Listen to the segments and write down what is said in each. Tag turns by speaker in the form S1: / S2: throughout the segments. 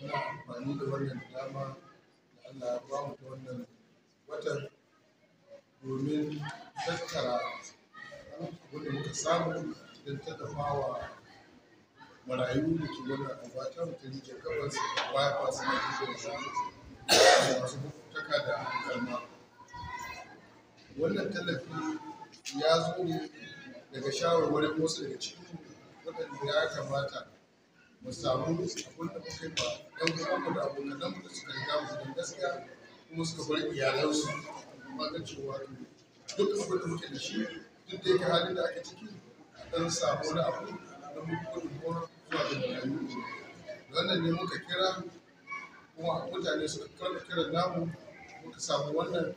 S1: muna
S2: amfani da wannan dama da Allah ya ba mu ta wannan watan domin tattara wanda muka samu don tallafa wa marayu da ke wannan ambata mu ta nijar gabas bypass na nijar da masu taka da kalma wannan tallafi ya zo ne daga shawarwarin wasu daga cikin waɗanda ya kamata mu samu wanda muka yi ba ɗan uwanmu da abokanan mu da suka riga mu da gaskiya kuma suka bar iyalansu amma ga cewa duk abin da muke da shi duk da yake halin da ake ciki a ɗan samu wani abu da muka gudunmuwa zuwa ga marayu wannan ne muka kira kuma mutane suka karɓi kiran namu muka samu wannan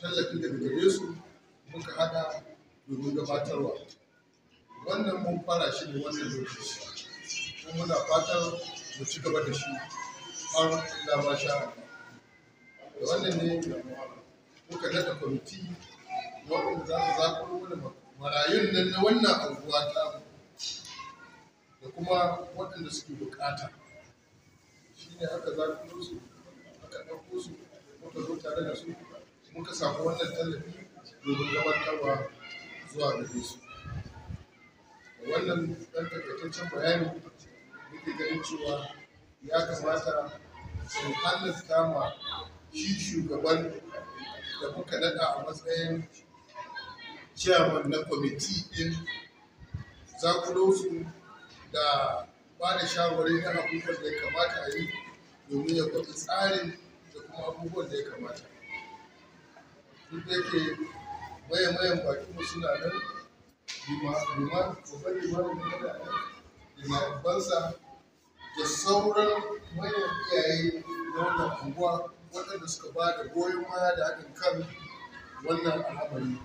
S2: tallafi daga gare su muka haɗa domin gabatarwa wannan mun fara shi ne wannan lokaci kuma muna fatan mu ci gaba da shi har da ma sha da wannan ne muka daɗa kwamiti waɗanda za su zaɓo wani marayun nan na wannan anguwa ta da kuma waɗanda suke bukata shi ne haka za ku zaɓo su Haka ɗauko su muka zo tare da su muka samu wannan tallafi domin gabatarwa zuwa gare su wannan ɗan takaitaccen bayani yake ganin cewa ya kamata su halatta ma shi shugaban da muka daɗa a matsayin ciyaman na kwamiti ɗin ku su da ba da shawarai na abubuwan da ya kamata a yi domin ya kwafi tsarin da kuma abubuwan da ya kamata duk da yake mayan-mayan bakinmu suna nan mana babban limanin da limanin da sauran manyan iyaye na wannan unguwa waɗanda suka ba da goyon baya da haɗin kan wannan al'amari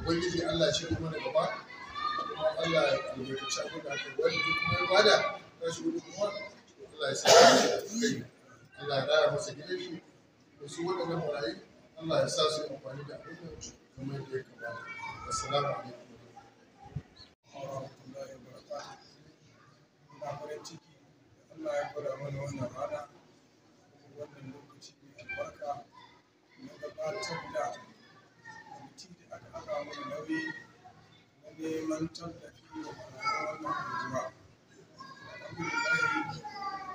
S2: ubangiji allah shi kuma da gaba kuma allah ya albarkaci abin da aka wani duk kuma ya bada ta shi wani kuma allah ya sa kai allah ya raya masa gidan shi da su waɗanda marayi allah ya sa su amfani da abin da kamar yadda ya kamata assalamu
S1: alaikum wa rahmatullahi wa barakatuh Allah ya gwada mana wannan rana wannan lokaci mai albarka na gabatar da kwamiti da aka aka mana nauyi na neman tallafi wa marayu wannan unguwa alhamdulillahi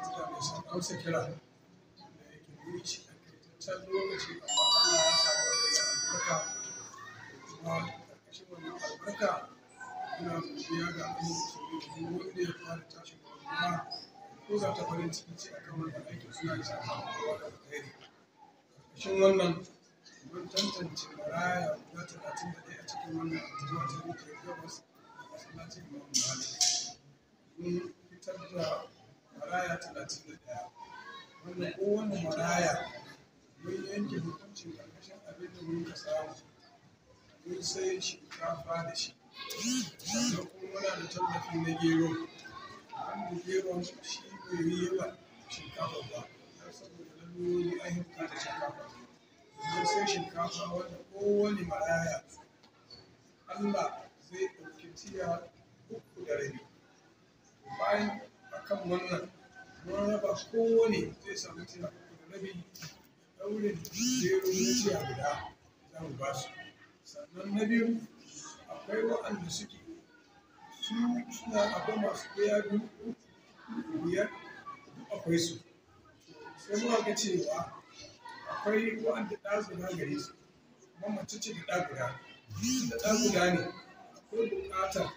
S1: mutane sun amsa kira da yake wuce a kaitaccen lokaci amma Allah ya sa wannan albarka kuma ƙarƙashin wannan albarka muna godiya ga Allah su ne wanda ya fara tashin kuma ko za ta farin ciki ce a kan wannan aikin suna da sakamakon alheri Shin wannan mun tantance maraya guda talatin da ɗaya a cikin wannan abubuwa ta rike gabas a masallacin imamu malik mun fitar da maraya talatin da ɗaya wannan ko kowane maraya mun yanke hukuncin ƙarƙashin abin da mun ka samu mun sai shinkafa da shi sannan kuma muna da tallafi na gero wanda gero shi bai yi shinkafa ba har saboda da an yi da shinkafa domin sai shinkafa wanda kowane maraya Allah zai ɗauki tiya uku da rabi bayan akan wannan mun raba kowane zai samu tiya uku da rabi ɗaurin zero na tiya guda za mu ba su sannan na biyu akwai waɗanda suke su suna abu masu ɗaya biyu biyar akwai su sai muka ga cewa akwai wanda ɗa guda gare su kuma mace ce da ɗa guda da ɗa guda ne akwai buƙatar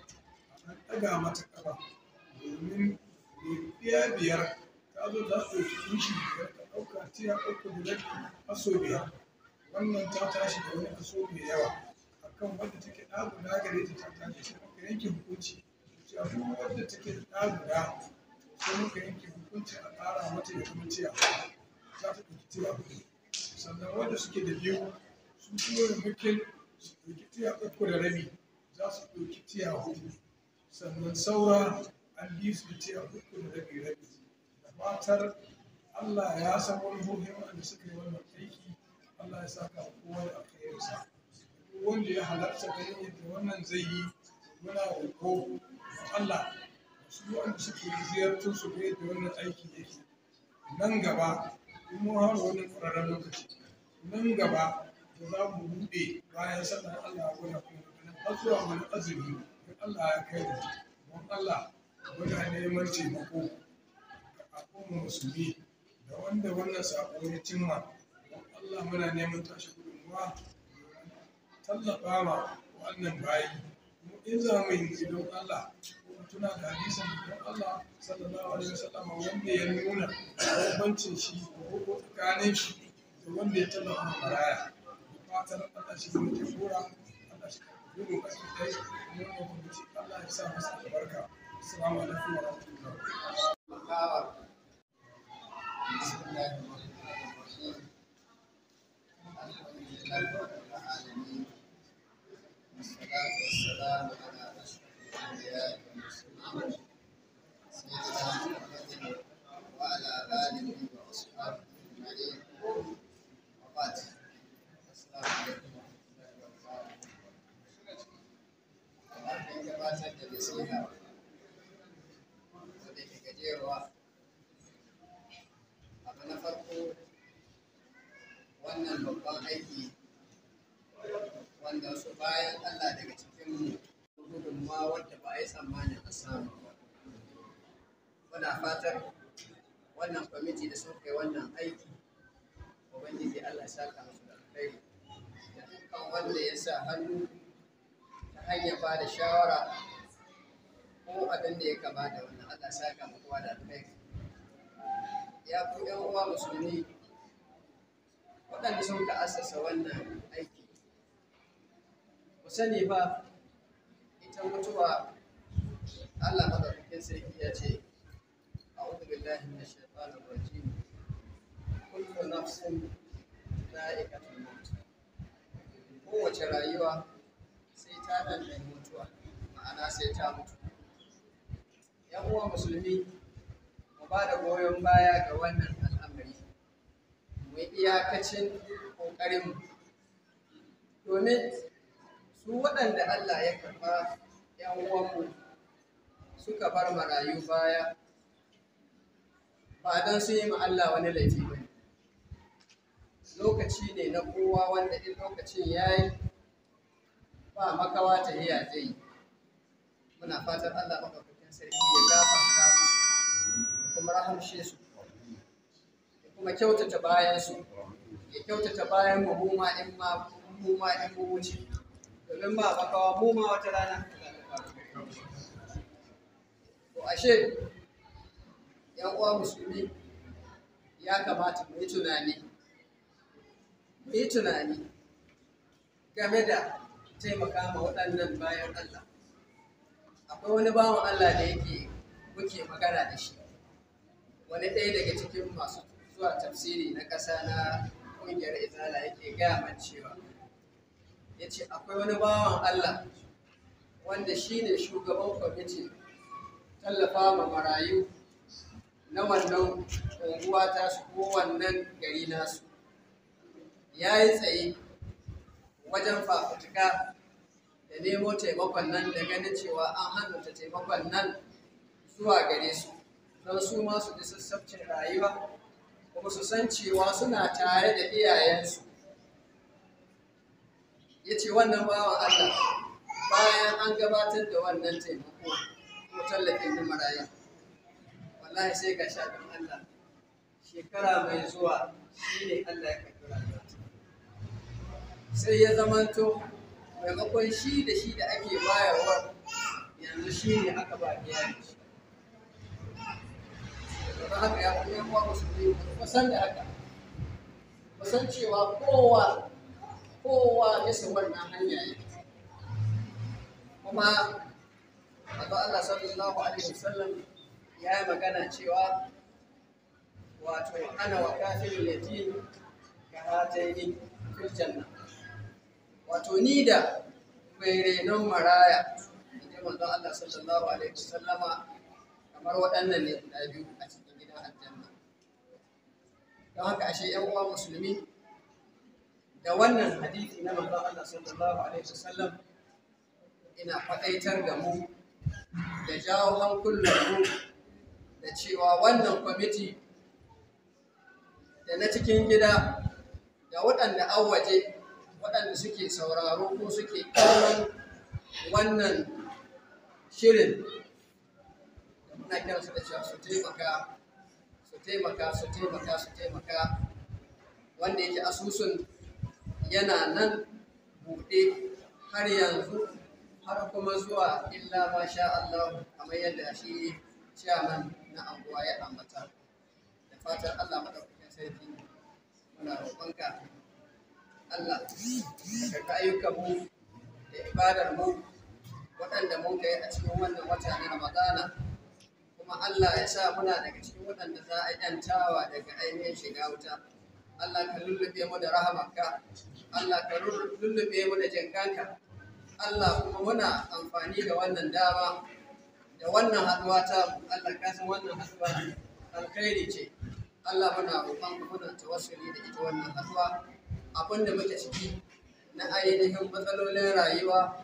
S1: a ɗaga mata ƙafa domin ɗaya biyar ta zo za su yi inci biyar ta ɗauka tiya uku guda kaso biyar wannan ta tashi da wani kaso mai yawa akan wadda take ɗa guda gare ta ta tashi sai muka yanke hukunci cewa duk wadda take ɗa guda sai muka yanke hukunci. hukunci a ƙara mata ya zama tiya za ta ɗauki tiya uku sannan wanda suke da biyu su kuma mulkin su ɗauki tiya uku da rabi za su ɗauki tiya hudu sannan saura an bi su tiya ɗauko da rabi rabi da matar Allah ya san wani hohin wanda suka yi wannan aiki Allah ya sa saka kowa da alkhairinsa wanda ya halarta ganin yadda wannan zai yi muna roƙo Allah su an suke ziyartar su ga da wannan aiki yake nan gaba in mun har wannan ƙwararren lokaci nan gaba da za mu buɗe bayan sallar Allah gwada kuma har zuwa wani azumi in Allah ya kai da don Allah muna neman taimako ga al'ummar musulmi da wanda wannan sako ya cimma don Allah muna neman tashi gudunmuwa tallafa ma wannan bayi in za mu yi don Allah tuna da hadisin don Allah sallallahu alaihi wasallam wanda ya nuna bambancin shi ko ko tsakanin shi da wanda ya taba maraya fatan Allah shi ne ke gora Allah shi ke gora ba shi dai mu ne mu ci Allah ya sa masa albarka assalamu alaikum wa rahmatullahi
S3: bismillahir rahmanir wannan babban aiki wanda su bayan Allah daga cikin mu gudunmawa wadda ba a yi tsammanin a samu ba muna fatar wannan kwamiti da sun kai wannan aiki ubangiji allah ya saka musu da alkhairi da dukkan wanda ya sa hannu ta
S4: hanyar ba da shawara
S3: ko abin da ya kama da wannan allah ya saka mu kowa da alkhairi ya ku yan uwa musulmi waɗanda sun ka asasa wannan aiki ku sani ba ita mutuwa Allah madaukakin sarki ya ce a'udhu billahi minash shaitanir rajim kullu nafsin dha'iqatul maut kowace rayuwa sai ta danne mutuwa ma'ana sai ta mutu yan uwa musulmi mu ba da goyon baya ga wannan al'amari mu iyakacin ƙoƙarinmu domin su waɗanda Allah ya karɓa ‘yan uwanmu suka bar marayu baya ba don sun yi ma Allah wani laifi ba lokaci ne na kowa wanda in lokacin ya yi ba makawa ta iya zai muna fatan Allah maka makafukin sarki ya gafarta musu kuma rahamshe su kuma kyautata bayansu ya kyautata bayan mu in ma in mu wuce domin ba makawa mu ma wata rana ashe yan uwa musulmi ya kamata mu yi tunani mu yi tunani game da taimaka ma waɗannan bayan Allah akwai wani bawan Allah da yake muke magana da shi wani ɗaya daga cikin masu zuwa tafsiri na ƙasa na ƙungiyar izala yake gaya man cewa ya ce akwai wani bawan Allah wanda shi ne shugaban kwamitin tallafa ma marayu na wannan unguwa ta su ko wannan gari nasu ya yi tsaye wajen fafutuka da nemo taimakon nan da ganin cewa an hannunta taimakon nan zuwa gare su don su ma su ji rayuwa kuma su san cewa suna tare da iyayensu ya ce wannan bawan Allah bayan an gabatar da wannan taimako tallafin da marayu wallahi sai ga shaɗin Allah shekara mai zuwa shi ne Allah ya karɓi rayuwa sai ya zamanto maimakon shi da shi da ake bayarwa yanzu shi ne aka ba iyali shi Daga haka ya kuma yawa musulmi kusan da haka kusan cewa kowa kowa ya wannan hanya kuma manzo Allah sallallahu alaihi wasallam ya yi magana cewa wato ana wa kafin kafirul yatim ka hatayi fil nan. wato ni da mai renon maraya inda manzo Allah sallallahu alaihi Wasallam kamar waɗannan ne guda biyu a cikin gidan aljanna don haka ashe ƴan uwa musulmi da wannan hadisi na manzo Allah sallallahu alaihi wasallam ina faɗaitar da mu da jawo hankulanmu da cewa wannan kwamiti da na cikin gida da waɗanda an waje waɗanda suke sauraro ko suke kallon wannan shirin da muna kiransu da cewa su taimaka su taimaka su taimaka su taimaka wanda yake asusun yana nan buɗe har yanzu har kuma zuwa illa ma sha Allah kamar yadda shi ciyaman na abuwa ya ambata da fatan Allah madaukakin sarki muna roƙonka Allah ka ayyukan mu da ibadar mu waɗanda mun kai a cikin wannan wata na Ramadana kuma Allah ya sa muna daga cikin waɗanda za a yantawa daga ainihin shiga wuta Allah ka lullube mu da rahamarka Allah ka lullube mu da jinkanka Allah kuma muna amfani da wannan dama da wannan haduwa ta Allah ka san wannan haduwa alkhairi ce Allah muna roƙon ku muna tawassuli da ita wannan haduwa abin da muke ciki na ainihin matsalolin rayuwa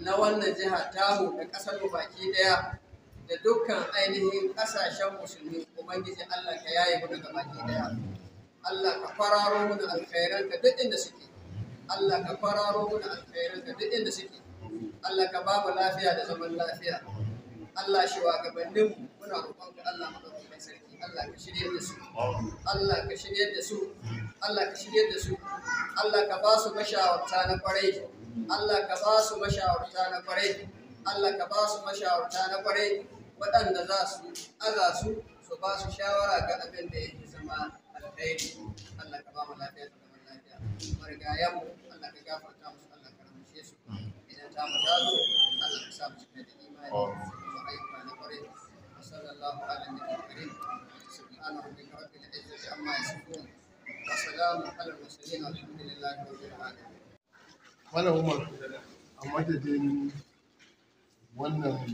S4: na wannan jiha
S3: tamu da ƙasar mu baki daya da dukkan ainihin ƙasashen musulmi ubangiji Allah ka yaye mu daga baki daya Allah ka fararo mu da alkhairanka duk inda suke Allah ka fararo mana alkhairin da duk inda suke Allah ka ba mu lafiya da zaman lafiya Allah shi wa gabanin mu muna roƙon ka Allah madaukakin sarki Allah ka shirye da su Allah ka shirye da su Allah ka shirye da su Allah ka ba su mashawarta na kwarai Allah ka ba su mashawarta na kwarai Allah ka ba su mashawarta na kwarai waɗanda za su aza su su ba su shawara ga abin da yake zama alkhairi Allah ka ba mu lafiya
S4: marigayen mu Allah ka gafarta musu Allah
S3: ka ramushe su idan ta mu dazo Allah ka sa mu cika da imani da ayyuka na sallallahu alaihi wa sallam subhanahu wa ta'ala rabbil izzati amma yasifun wa salamun ala mursalin walhamdulillahi rabbil alamin
S2: umar a madadin wannan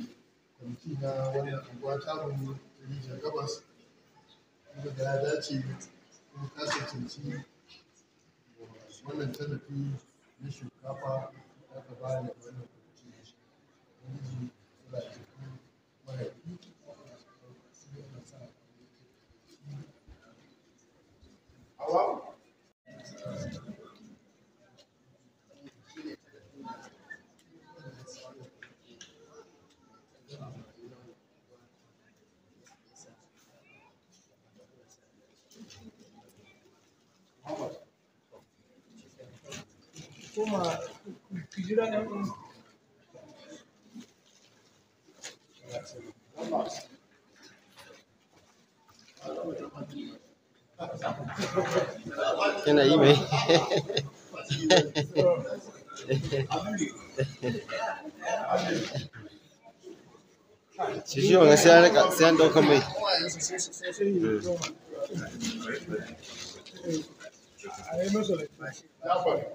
S2: kwamiti na wannan anguwa ta mu ta gabas da ya dace kuma ta cancanci women tallafi na shinkafa aka ba ni wannan kuce shi
S3: wani
S1: koma ku jira ɗan Yana yi mai. Shi shi sai an sai an daukan mai. A yi masa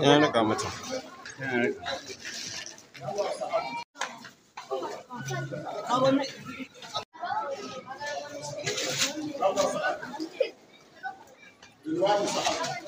S1: yana rika mata Thank you.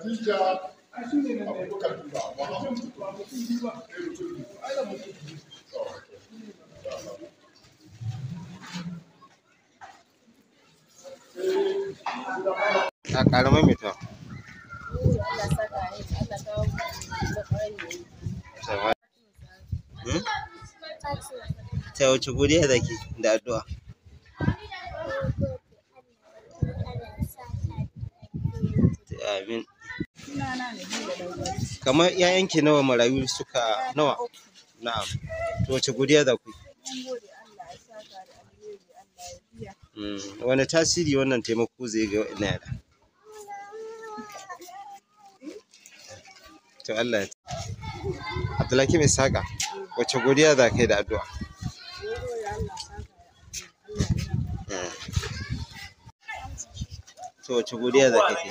S2: Khadija Abubakar Duba
S4: ta godiya da addu'a amin kamar yayanki nawa marayu suka nawa na'am to wace godiya da ku mm, wani tasiri wannan taimako zai ga wa'ina yara to Allah Abdullahi mai saka wace godiya za kai da addu'a mm. to wace godiya za kai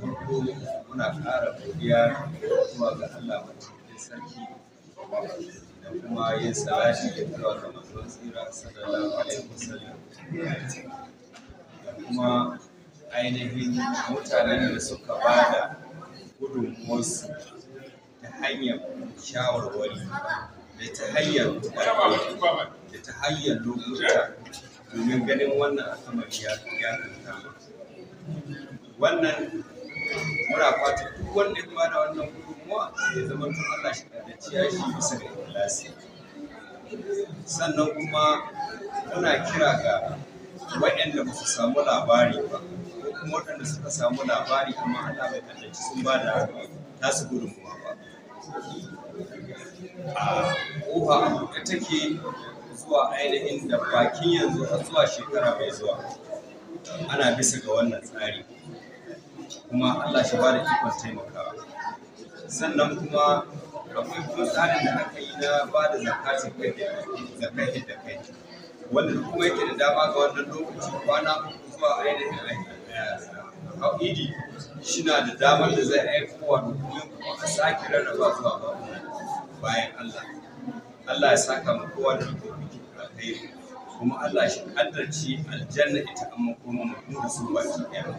S4: farko muna ƙara godiya zuwa ga Allah mai sarki da kuma yin salati da zuwa ga manzon tsira sallallahu alaihi wasallam da kuma ainihin mutanen da suka ba da gudunmuwarsu ta hanyar shawarwari da ta hanyar da ta hanyar lokuta domin ganin wannan al'amari ya kanta wannan muna fatan duk wanda ya bada wannan gudunmuwa ya zama tun Allah shi da shi bisa ga ikhlasi sannan kuma muna kira ga waɗanda ba su samu labari ba ko kuma waɗanda suka samu labari amma Allah bai kallaci sun ba da tasu gudunmuwa ba a ƙofa a take zuwa ainihin da bakin yanzu a zuwa shekara mai zuwa ana bisa ga wannan tsari kuma Allah shi ba da ikon taimakawa sannan kuma akwai kuma tsarin da aka yi na ba da zakatin kai da zakai da kai wanda kuma yake da dama ga wannan lokaci kwana uku zuwa ainihin idi shi na da damar da zai aiko wa domin kuma a sake rarraba zuwa ba bayan Allah Allah ya saka mu kowa da a kai. kuma Allah shi kaddarci aljanna ita amma kuma mu da sun baki ɗaya